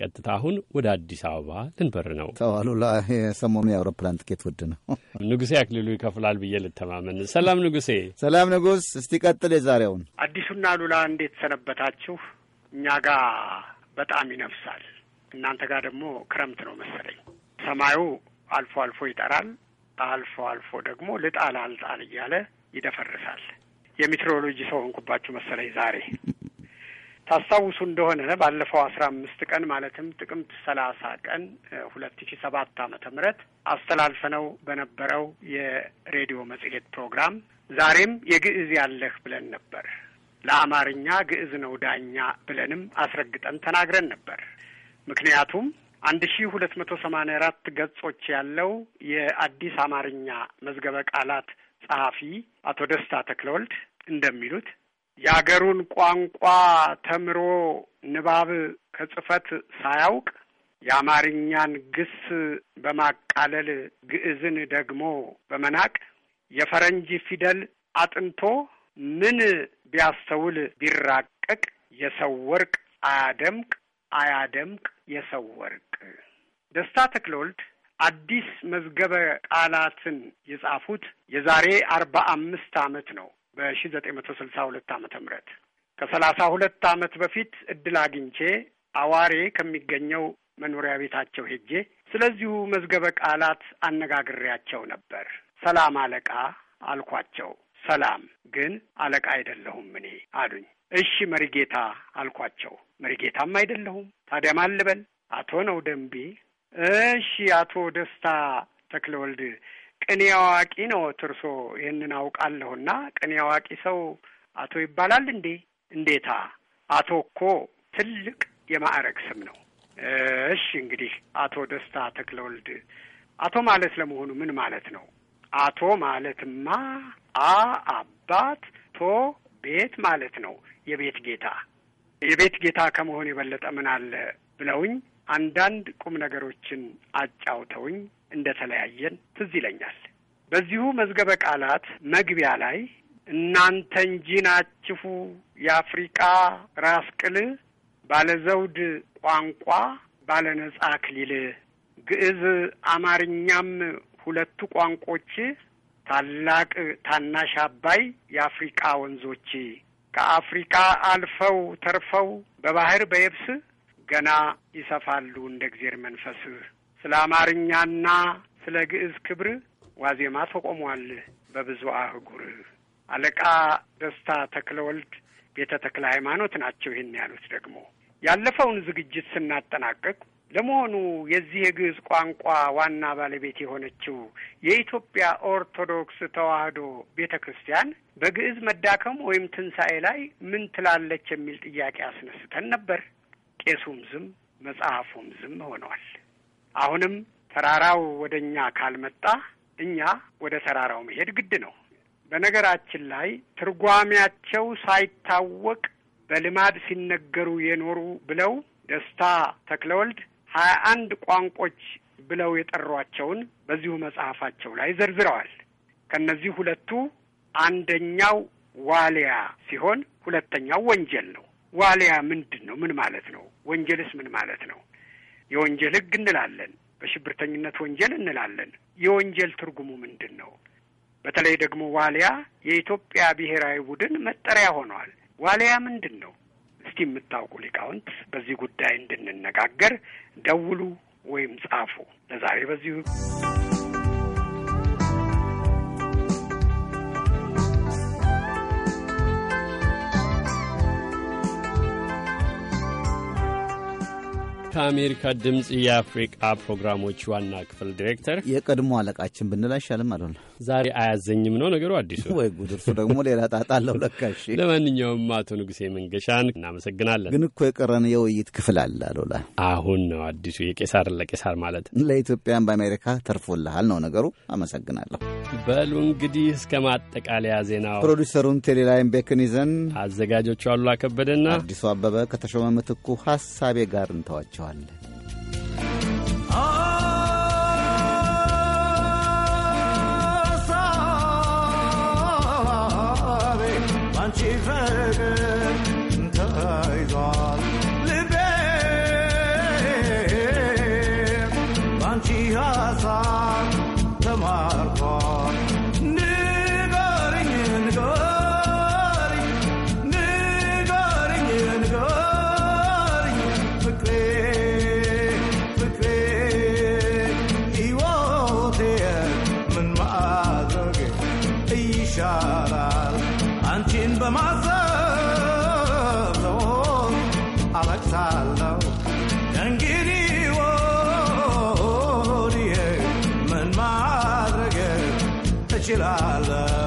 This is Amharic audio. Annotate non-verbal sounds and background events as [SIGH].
በቀጥታ አሁን ወደ አዲስ አበባ ልንበር ነው። ተዋሉላ ሰሞኑ የአውሮፕላን ትኬት ውድ ነው። ንጉሴ አክሊሉ ይከፍላል ብዬ ልተማመን። ሰላም ንጉሴ። ሰላም ንጉስ። እስቲ ቀጥል የዛሬውን። አዲሱና ሉላ እንዴት ሰነበታችሁ? እኛ ጋር በጣም ይነፍሳል። እናንተ ጋር ደግሞ ክረምት ነው መሰለኝ። ሰማዩ አልፎ አልፎ ይጠራል፣ አልፎ አልፎ ደግሞ ልጣል አልጣል እያለ ይደፈርሳል። የሚትሮሎጂ ሰው ሆንኩባችሁ መሰለኝ ዛሬ ታስታውሱ እንደሆነ ባለፈው አስራ አምስት ቀን ማለትም ጥቅምት ሰላሳ ቀን ሁለት ሺ ሰባት አመተ ምህረት አስተላልፈነው በነበረው የሬዲዮ መጽሔት ፕሮግራም ዛሬም የግዕዝ ያለህ ብለን ነበር። ለአማርኛ ግዕዝ ነው ዳኛ ብለንም አስረግጠን ተናግረን ነበር። ምክንያቱም አንድ ሺ ሁለት መቶ ሰማኒያ አራት ገጾች ያለው የአዲስ አማርኛ መዝገበ ቃላት ጸሐፊ አቶ ደስታ ተክለወልድ እንደሚሉት የአገሩን ቋንቋ ተምሮ ንባብ ከጽፈት ሳያውቅ የአማርኛን ግስ በማቃለል ግዕዝን ደግሞ በመናቅ የፈረንጅ ፊደል አጥንቶ ምን ቢያስተውል ቢራቀቅ የሰው ወርቅ አያደምቅ አያደምቅ የሰው ወርቅ። ደስታ ተክለወልድ አዲስ መዝገበ ቃላትን የጻፉት የዛሬ አርባ አምስት ዓመት ነው። በሺ ዘጠኝ መቶ ስልሳ ሁለት ዓመተ ምህረት ከሰላሳ ሁለት ዓመት በፊት እድል አግኝቼ አዋሬ ከሚገኘው መኖሪያ ቤታቸው ሄጄ ስለዚሁ መዝገበ ቃላት አነጋግሬያቸው ነበር። ሰላም አለቃ አልኳቸው። ሰላም ግን አለቃ አይደለሁም እኔ አሉኝ። እሺ መሪጌታ አልኳቸው። መሪጌታም አይደለሁም። ታዲያ ማን ልበል? አቶ ነው ደንቢ። እሺ አቶ ደስታ ተክለወልድ ቅኔ አዋቂ ነው ትርሶ ይህንን አውቃለሁና ቅኔ አዋቂ ሰው አቶ ይባላል እንዴ? እንዴታ አቶ እኮ ትልቅ የማዕረግ ስም ነው። እሺ እንግዲህ አቶ ደስታ ተክለወልድ አቶ ማለት ለመሆኑ ምን ማለት ነው? አቶ ማለትማ አ አባት፣ ቶ ቤት ማለት ነው። የቤት ጌታ የቤት ጌታ ከመሆን የበለጠ ምን አለ ብለውኝ አንዳንድ ቁም ነገሮችን አጫውተውኝ እንደተለያየን ትዝ ይለኛል። በዚሁ መዝገበ ቃላት መግቢያ ላይ እናንተ እንጂ ናችሁ የአፍሪቃ ራስ ቅል ባለዘውድ ቋንቋ ባለ ነጻ አክሊል ግዕዝ አማርኛም ሁለቱ ቋንቆች ታላቅ ታናሽ አባይ የአፍሪቃ ወንዞች ከአፍሪቃ አልፈው ተርፈው በባህር በየብስ ገና ይሰፋሉ እንደ እግዜር መንፈስ ስለ አማርኛና ስለ ግዕዝ ክብር ዋዜማ ተቆሟል በብዙ አህጉር። አለቃ ደስታ ተክለወልድ ቤተ ተክለ ሃይማኖት ናቸው ይህን ያሉት። ደግሞ ያለፈውን ዝግጅት ስናጠናቀቅ ለመሆኑ የዚህ የግዕዝ ቋንቋ ዋና ባለቤት የሆነችው የኢትዮጵያ ኦርቶዶክስ ተዋህዶ ቤተ ክርስቲያን በግዕዝ መዳከም ወይም ትንሣኤ ላይ ምን ትላለች የሚል ጥያቄ አስነስተን ነበር። ቄሱም ዝም መጽሐፉም ዝም ሆነዋል። አሁንም ተራራው ወደ እኛ ካልመጣ እኛ ወደ ተራራው መሄድ ግድ ነው። በነገራችን ላይ ትርጓሜያቸው ሳይታወቅ በልማድ ሲነገሩ የኖሩ ብለው ደስታ ተክለወልድ ሀያ አንድ ቋንቆች ብለው የጠሯቸውን በዚሁ መጽሐፋቸው ላይ ዘርዝረዋል። ከእነዚህ ሁለቱ አንደኛው ዋሊያ ሲሆን ሁለተኛው ወንጀል ነው። ዋሊያ ምንድን ነው? ምን ማለት ነው? ወንጀልስ ምን ማለት ነው? የወንጀል ህግ እንላለን፣ በሽብርተኝነት ወንጀል እንላለን። የወንጀል ትርጉሙ ምንድን ነው? በተለይ ደግሞ ዋሊያ የኢትዮጵያ ብሔራዊ ቡድን መጠሪያ ሆኗል። ዋሊያ ምንድን ነው? እስቲ የምታውቁ ሊቃውንት በዚህ ጉዳይ እንድንነጋገር ደውሉ ወይም ጻፉ። ለዛሬ በዚሁ ከአሜሪካ ድምፅ የአፍሪቃ ፕሮግራሞች ዋና ክፍል ዲሬክተር የቀድሞ አለቃችን ብንል አይሻልም አሉን። ዛሬ አያዘኝም ነው ነገሩ። አዲሱ [LAUGHS] ወይ ጉድ! እርሱ ደግሞ ሌላ ጣጣ አለው ለካ። ለማንኛውም አቶ ንጉሴ መንገሻን እናመሰግናለን። ግን እኮ የቀረን የውይይት ክፍል አለ አሉላ። አሁን ነው አዲሱ የቄሳር ለቄሳር ማለት ለኢትዮጵያን በአሜሪካ ተርፎልሃል ነው ነገሩ። አመሰግናለሁ። በሉ እንግዲህ እስከ ማጠቃለያ ዜናው ፕሮዲሰሩን ቴሌላይን ቤክን ይዘን አዘጋጆቹ አሉላ ከበደና አዲሱ አበበ ከተሾመ ምትኩ ሀሳቤ ጋር እንተዋቸዋለን። acıver celala